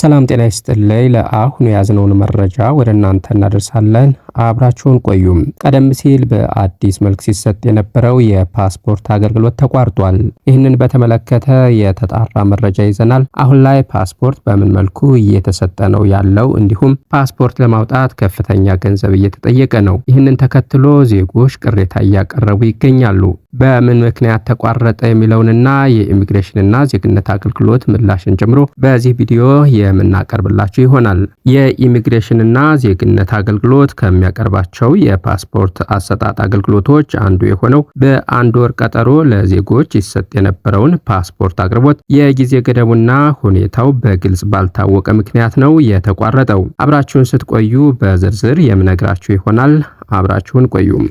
ሰላም ጤና ይስጥልኝ። ለአሁኑ የያዝነውን መረጃ ወደ እናንተ እናደርሳለን። አብራችሁን ቆዩም። ቀደም ሲል በአዲስ መልክ ሲሰጥ የነበረው የፓስፖርት አገልግሎት ተቋርጧል። ይህንን በተመለከተ የተጣራ መረጃ ይዘናል። አሁን ላይ ፓስፖርት በምን መልኩ እየተሰጠ ነው ያለው፣ እንዲሁም ፓስፖርት ለማውጣት ከፍተኛ ገንዘብ እየተጠየቀ ነው። ይህንን ተከትሎ ዜጎች ቅሬታ እያቀረቡ ይገኛሉ። በምን ምክንያት ተቋረጠ የሚለውንና የኢሚግሬሽንና ዜግነት አገልግሎት ምላሽን ጨምሮ በዚህ ቪዲዮ የምናቀርብላችሁ ይሆናል። የኢሚግሬሽንና ዜግነት አገልግሎት ከሚያ ከሚያቀርባቸው የፓስፖርት አሰጣጥ አገልግሎቶች አንዱ የሆነው በአንድ ወር ቀጠሮ ለዜጎች ይሰጥ የነበረውን ፓስፖርት አቅርቦት የጊዜ ገደቡና ሁኔታው በግልጽ ባልታወቀ ምክንያት ነው የተቋረጠው። አብራችሁን ስትቆዩ በዝርዝር የምነግራችሁ ይሆናል። አብራችሁን ቆዩም።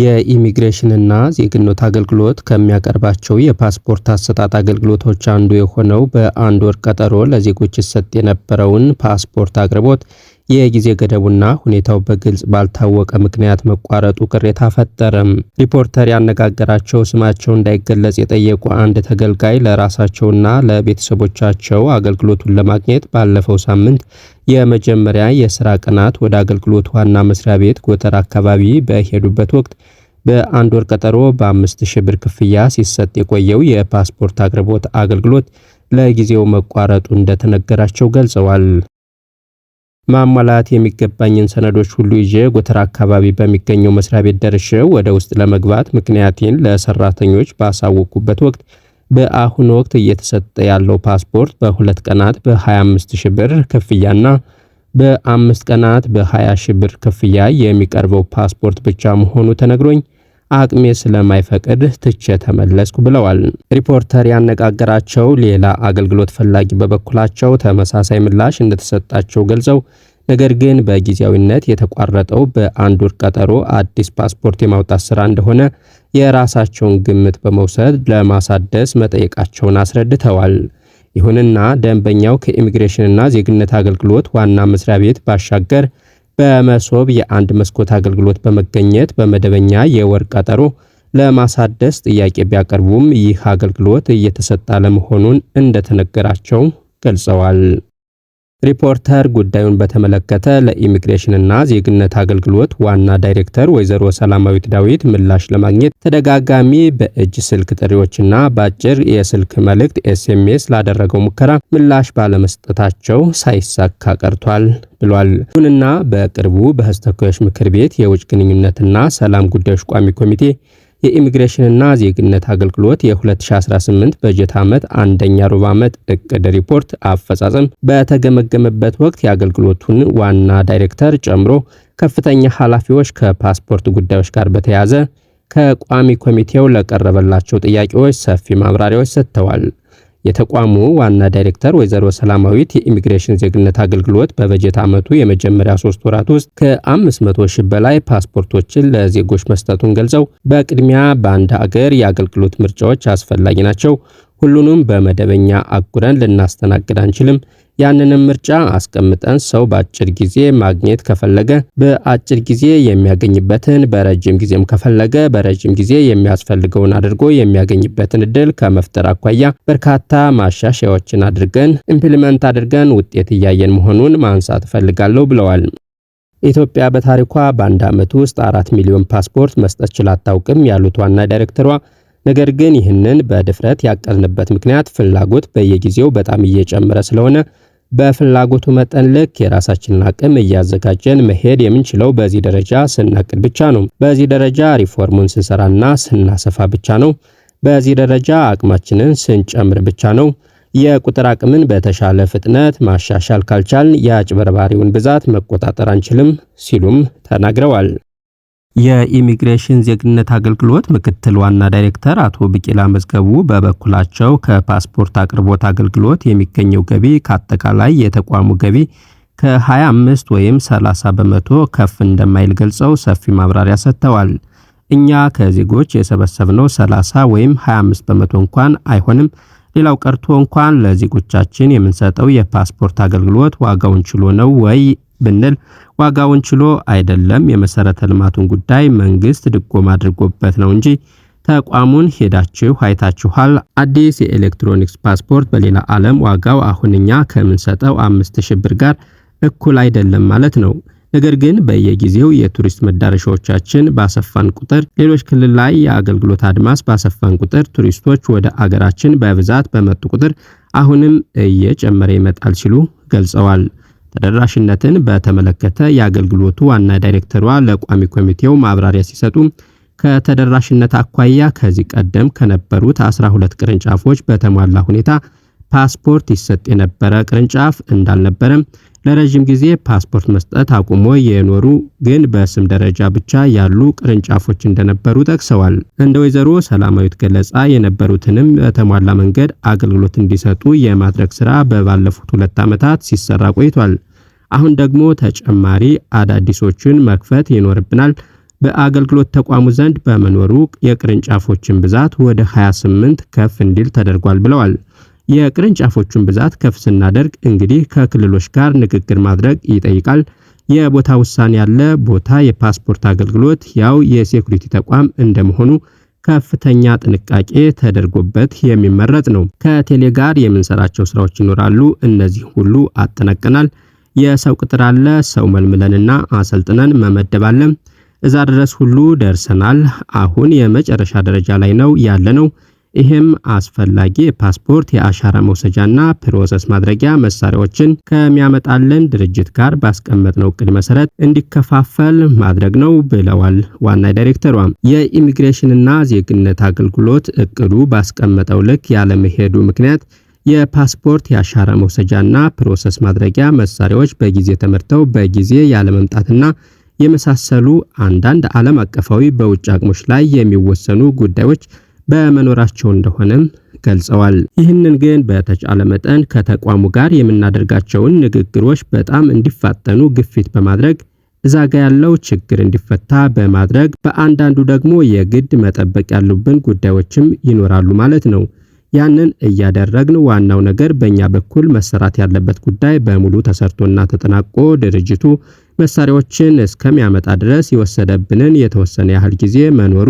የኢሚግሬሽንና ዜግነት አገልግሎት ከሚያቀርባቸው የፓስፖርት አሰጣጥ አገልግሎቶች አንዱ የሆነው በአንድ ወር ቀጠሮ ለዜጎች ይሰጥ የነበረውን ፓስፖርት አቅርቦት የጊዜ ገደቡና ሁኔታው በግልጽ ባልታወቀ ምክንያት መቋረጡ ቅሬታ ፈጠረም። ሪፖርተር ያነጋገራቸው ስማቸው እንዳይገለጽ የጠየቁ አንድ ተገልጋይ ለራሳቸውና ለቤተሰቦቻቸው አገልግሎቱን ለማግኘት ባለፈው ሳምንት የመጀመሪያ የስራ ቀናት ወደ አገልግሎት ዋና መስሪያ ቤት ጎተራ አካባቢ በሄዱበት ወቅት በአንድ ወር ቀጠሮ በአምስት ሺህ ብር ክፍያ ሲሰጥ የቆየው የፓስፖርት አቅርቦት አገልግሎት ለጊዜው መቋረጡ እንደተነገራቸው ገልጸዋል። ማሟላት የሚገባኝን ሰነዶች ሁሉ ይዤ ጎተራ አካባቢ በሚገኘው መስሪያ ቤት ደርሼ ወደ ውስጥ ለመግባት ምክንያቴን ለሰራተኞች ባሳወቅኩበት ወቅት በአሁኑ ወቅት እየተሰጠ ያለው ፓስፖርት በሁለት ቀናት በ25 ሺህ ብር ክፍያና በአምስት ቀናት በ20 ሺህ ብር ክፍያ የሚቀርበው ፓስፖርት ብቻ መሆኑ ተነግሮኝ አቅሜ ስለማይፈቅድ ትቼ ተመለስኩ ብለዋል። ሪፖርተር ያነጋገራቸው ሌላ አገልግሎት ፈላጊ በበኩላቸው ተመሳሳይ ምላሽ እንደተሰጣቸው ገልጸው ነገር ግን በጊዜያዊነት የተቋረጠው በአንድ ወር ቀጠሮ አዲስ ፓስፖርት የማውጣት ስራ እንደሆነ የራሳቸውን ግምት በመውሰድ ለማሳደስ መጠየቃቸውን አስረድተዋል። ይሁንና ደንበኛው ከኢሚግሬሽንና ዜግነት አገልግሎት ዋና መስሪያ ቤት ባሻገር በመሶብ የአንድ መስኮት አገልግሎት በመገኘት በመደበኛ የወር ቀጠሮ ለማሳደስ ጥያቄ ቢያቀርቡም ይህ አገልግሎት እየተሰጠ አለመሆኑን እንደተነገራቸው ገልጸዋል። ሪፖርተር ጉዳዩን በተመለከተ ለኢሚግሬሽንና ዜግነት አገልግሎት ዋና ዳይሬክተር ወይዘሮ ሰላማዊት ዳዊት ምላሽ ለማግኘት ተደጋጋሚ በእጅ ስልክ ጥሪዎችና በአጭር የስልክ መልእክት ኤስኤምኤስ ላደረገው ሙከራ ምላሽ ባለመስጠታቸው ሳይሳካ ቀርቷል ብሏል። ይሁንና በቅርቡ በሕዝብ ተወካዮች ምክር ቤት የውጭ ግንኙነትና ሰላም ጉዳዮች ቋሚ ኮሚቴ የኢሚግሬሽንና ዜግነት አገልግሎት የ2018 በጀት ዓመት አንደኛ ሩብ ዓመት እቅድ ሪፖርት አፈጻጸም በተገመገመበት ወቅት የአገልግሎቱን ዋና ዳይሬክተር ጨምሮ ከፍተኛ ኃላፊዎች ከፓስፖርት ጉዳዮች ጋር በተያያዘ ከቋሚ ኮሚቴው ለቀረበላቸው ጥያቄዎች ሰፊ ማብራሪያዎች ሰጥተዋል። የተቋሙ ዋና ዳይሬክተር ወይዘሮ ሰላማዊት የኢሚግሬሽን ዜግነት አገልግሎት በበጀት ዓመቱ የመጀመሪያ ሶስት ወራት ውስጥ ከ500 ሺህ በላይ ፓስፖርቶችን ለዜጎች መስጠቱን ገልጸው በቅድሚያ በአንድ አገር የአገልግሎት ምርጫዎች አስፈላጊ ናቸው፣ ሁሉንም በመደበኛ አጉረን ልናስተናግድ አንችልም፣ ያንንም ምርጫ አስቀምጠን ሰው በአጭር ጊዜ ማግኘት ከፈለገ በአጭር ጊዜ የሚያገኝበትን፣ በረጅም ጊዜም ከፈለገ በረጅም ጊዜ የሚያስፈልገውን አድርጎ የሚያገኝበትን እድል ከመፍጠር አኳያ በርካታ ማሻሻያዎችን አድርገን ኢምፕሊመንት አድርገን ውጤት እያየን መሆኑን ማንሳት እፈልጋለሁ ብለዋል። ኢትዮጵያ በታሪኳ በአንድ ዓመት ውስጥ አራት ሚሊዮን ፓስፖርት መስጠት ችላ አታውቅም ያሉት ዋና ዳይሬክተሯ ነገር ግን ይህንን በድፍረት ያቀልንበት ምክንያት ፍላጎት በየጊዜው በጣም እየጨመረ ስለሆነ በፍላጎቱ መጠን ልክ የራሳችንን አቅም እያዘጋጀን መሄድ የምንችለው በዚህ ደረጃ ስናቅድ ብቻ ነው። በዚህ ደረጃ ሪፎርሙን ስንሰራና ስናሰፋ ብቻ ነው። በዚህ ደረጃ አቅማችንን ስንጨምር ብቻ ነው። የቁጥር አቅምን በተሻለ ፍጥነት ማሻሻል ካልቻልን የአጭበርባሪውን ብዛት መቆጣጠር አንችልም ሲሉም ተናግረዋል። የኢሚግሬሽን ዜግነት አገልግሎት ምክትል ዋና ዳይሬክተር አቶ ብቂላ መዝገቡ በበኩላቸው ከፓስፖርት አቅርቦት አገልግሎት የሚገኘው ገቢ ከአጠቃላይ የተቋሙ ገቢ ከ25 ወይም 30 በመቶ ከፍ እንደማይል ገልጸው ሰፊ ማብራሪያ ሰጥተዋል። እኛ ከዜጎች የሰበሰብነው 30 ወይም 25 በመቶ እንኳን አይሆንም። ሌላው ቀርቶ እንኳን ለዜጎቻችን የምንሰጠው የፓስፖርት አገልግሎት ዋጋውን ችሎ ነው ወይ ብንል ዋጋውን ችሎ አይደለም። የመሰረተ ልማቱን ጉዳይ መንግስት ድጎማ አድርጎበት ነው እንጂ ተቋሙን ሄዳችሁ አይታችኋል። አዲስ የኤሌክትሮኒክስ ፓስፖርት በሌላ ዓለም ዋጋው አሁንኛ ከምንሰጠው አምስት ሺህ ብር ጋር እኩል አይደለም ማለት ነው። ነገር ግን በየጊዜው የቱሪስት መዳረሻዎቻችን ባሰፋን ቁጥር፣ ሌሎች ክልል ላይ የአገልግሎት አድማስ ባሰፋን ቁጥር፣ ቱሪስቶች ወደ አገራችን በብዛት በመጡ ቁጥር አሁንም እየጨመረ ይመጣል ሲሉ ገልጸዋል። ተደራሽነትን በተመለከተ የአገልግሎቱ ዋና ዳይሬክተሯ ለቋሚ ኮሚቴው ማብራሪያ ሲሰጡ ከተደራሽነት አኳያ ከዚህ ቀደም ከነበሩት 12 ቅርንጫፎች በተሟላ ሁኔታ ፓስፖርት ይሰጥ የነበረ ቅርንጫፍ እንዳልነበረም፣ ለረዥም ጊዜ ፓስፖርት መስጠት አቁሞ የኖሩ ግን በስም ደረጃ ብቻ ያሉ ቅርንጫፎች እንደነበሩ ጠቅሰዋል። እንደ ወይዘሮ ሰላማዊት ገለጻ የነበሩትንም በተሟላ መንገድ አገልግሎት እንዲሰጡ የማድረግ ስራ በባለፉት ሁለት ዓመታት ሲሰራ ቆይቷል። አሁን ደግሞ ተጨማሪ አዳዲሶችን መክፈት ይኖርብናል። በአገልግሎት ተቋሙ ዘንድ በመኖሩ የቅርንጫፎችን ብዛት ወደ 28 ከፍ እንዲል ተደርጓል ብለዋል። የቅርንጫፎቹን ብዛት ከፍ ስናደርግ እንግዲህ ከክልሎች ጋር ንግግር ማድረግ ይጠይቃል። የቦታ ውሳኔ ያለ ቦታ የፓስፖርት አገልግሎት ያው የሴኩሪቲ ተቋም እንደመሆኑ ከፍተኛ ጥንቃቄ ተደርጎበት የሚመረጥ ነው። ከቴሌ ጋር የምንሰራቸው ስራዎች ይኖራሉ። እነዚህ ሁሉ አጠናቀናል። የሰው ቅጥር አለ። ሰው መልምለንና አሰልጥነን መመደብ እዛ ድረስ ሁሉ ደርሰናል። አሁን የመጨረሻ ደረጃ ላይ ነው ያለ ነው። ይህም አስፈላጊ የፓስፖርት የአሻራ መውሰጃና ፕሮሰስ ማድረጊያ መሳሪያዎችን ከሚያመጣልን ድርጅት ጋር ባስቀመጥነው እቅድ መሰረት እንዲከፋፈል ማድረግ ነው ብለዋል ዋና ዳይሬክተሯም የኢሚግሬሽንና ዜግነት አገልግሎት እቅዱ ባስቀመጠው ልክ ያለመሄዱ ምክንያት የፓስፖርት የአሻራ መውሰጃና ፕሮሰስ ማድረጊያ መሳሪያዎች በጊዜ ተመርተው በጊዜ ያለመምጣትና የመሳሰሉ አንዳንድ ዓለም አቀፋዊ በውጭ አቅሞች ላይ የሚወሰኑ ጉዳዮች በመኖራቸው እንደሆነም ገልጸዋል። ይህንን ግን በተቻለ መጠን ከተቋሙ ጋር የምናደርጋቸውን ንግግሮች በጣም እንዲፋጠኑ ግፊት በማድረግ እዛ ጋ ያለው ችግር እንዲፈታ በማድረግ በአንዳንዱ ደግሞ የግድ መጠበቅ ያሉብን ጉዳዮችም ይኖራሉ ማለት ነው። ያንን እያደረግን ዋናው ነገር በእኛ በኩል መሰራት ያለበት ጉዳይ በሙሉ ተሰርቶና ተጠናቆ ድርጅቱ መሳሪያዎችን እስከሚያመጣ ድረስ የወሰደብንን የተወሰነ ያህል ጊዜ መኖሩ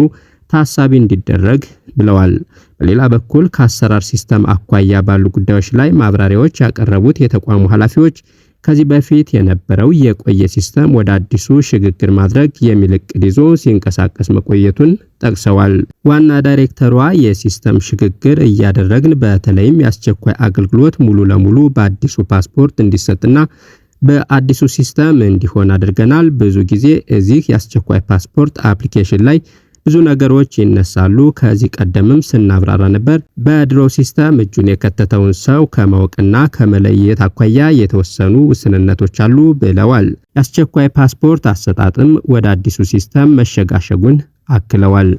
ታሳቢ እንዲደረግ ብለዋል። በሌላ በኩል ከአሰራር ሲስተም አኳያ ባሉ ጉዳዮች ላይ ማብራሪያዎች ያቀረቡት የተቋሙ ኃላፊዎች ከዚህ በፊት የነበረው የቆየ ሲስተም ወደ አዲሱ ሽግግር ማድረግ የሚል እቅድ ይዞ ሲንቀሳቀስ መቆየቱን ጠቅሰዋል። ዋና ዳይሬክተሯ የሲስተም ሽግግር እያደረግን በተለይም የአስቸኳይ አገልግሎት ሙሉ ለሙሉ በአዲሱ ፓስፖርት እንዲሰጥና በአዲሱ ሲስተም እንዲሆን አድርገናል። ብዙ ጊዜ እዚህ የአስቸኳይ ፓስፖርት አፕሊኬሽን ላይ ብዙ ነገሮች ይነሳሉ። ከዚህ ቀደምም ስናብራራ ነበር። በድሮ ሲስተም እጁን የከተተውን ሰው ከማወቅና ከመለየት አኳያ የተወሰኑ ውስንነቶች አሉ ብለዋል። የአስቸኳይ ፓስፖርት አሰጣጥም ወደ አዲሱ ሲስተም መሸጋሸጉን አክለዋል።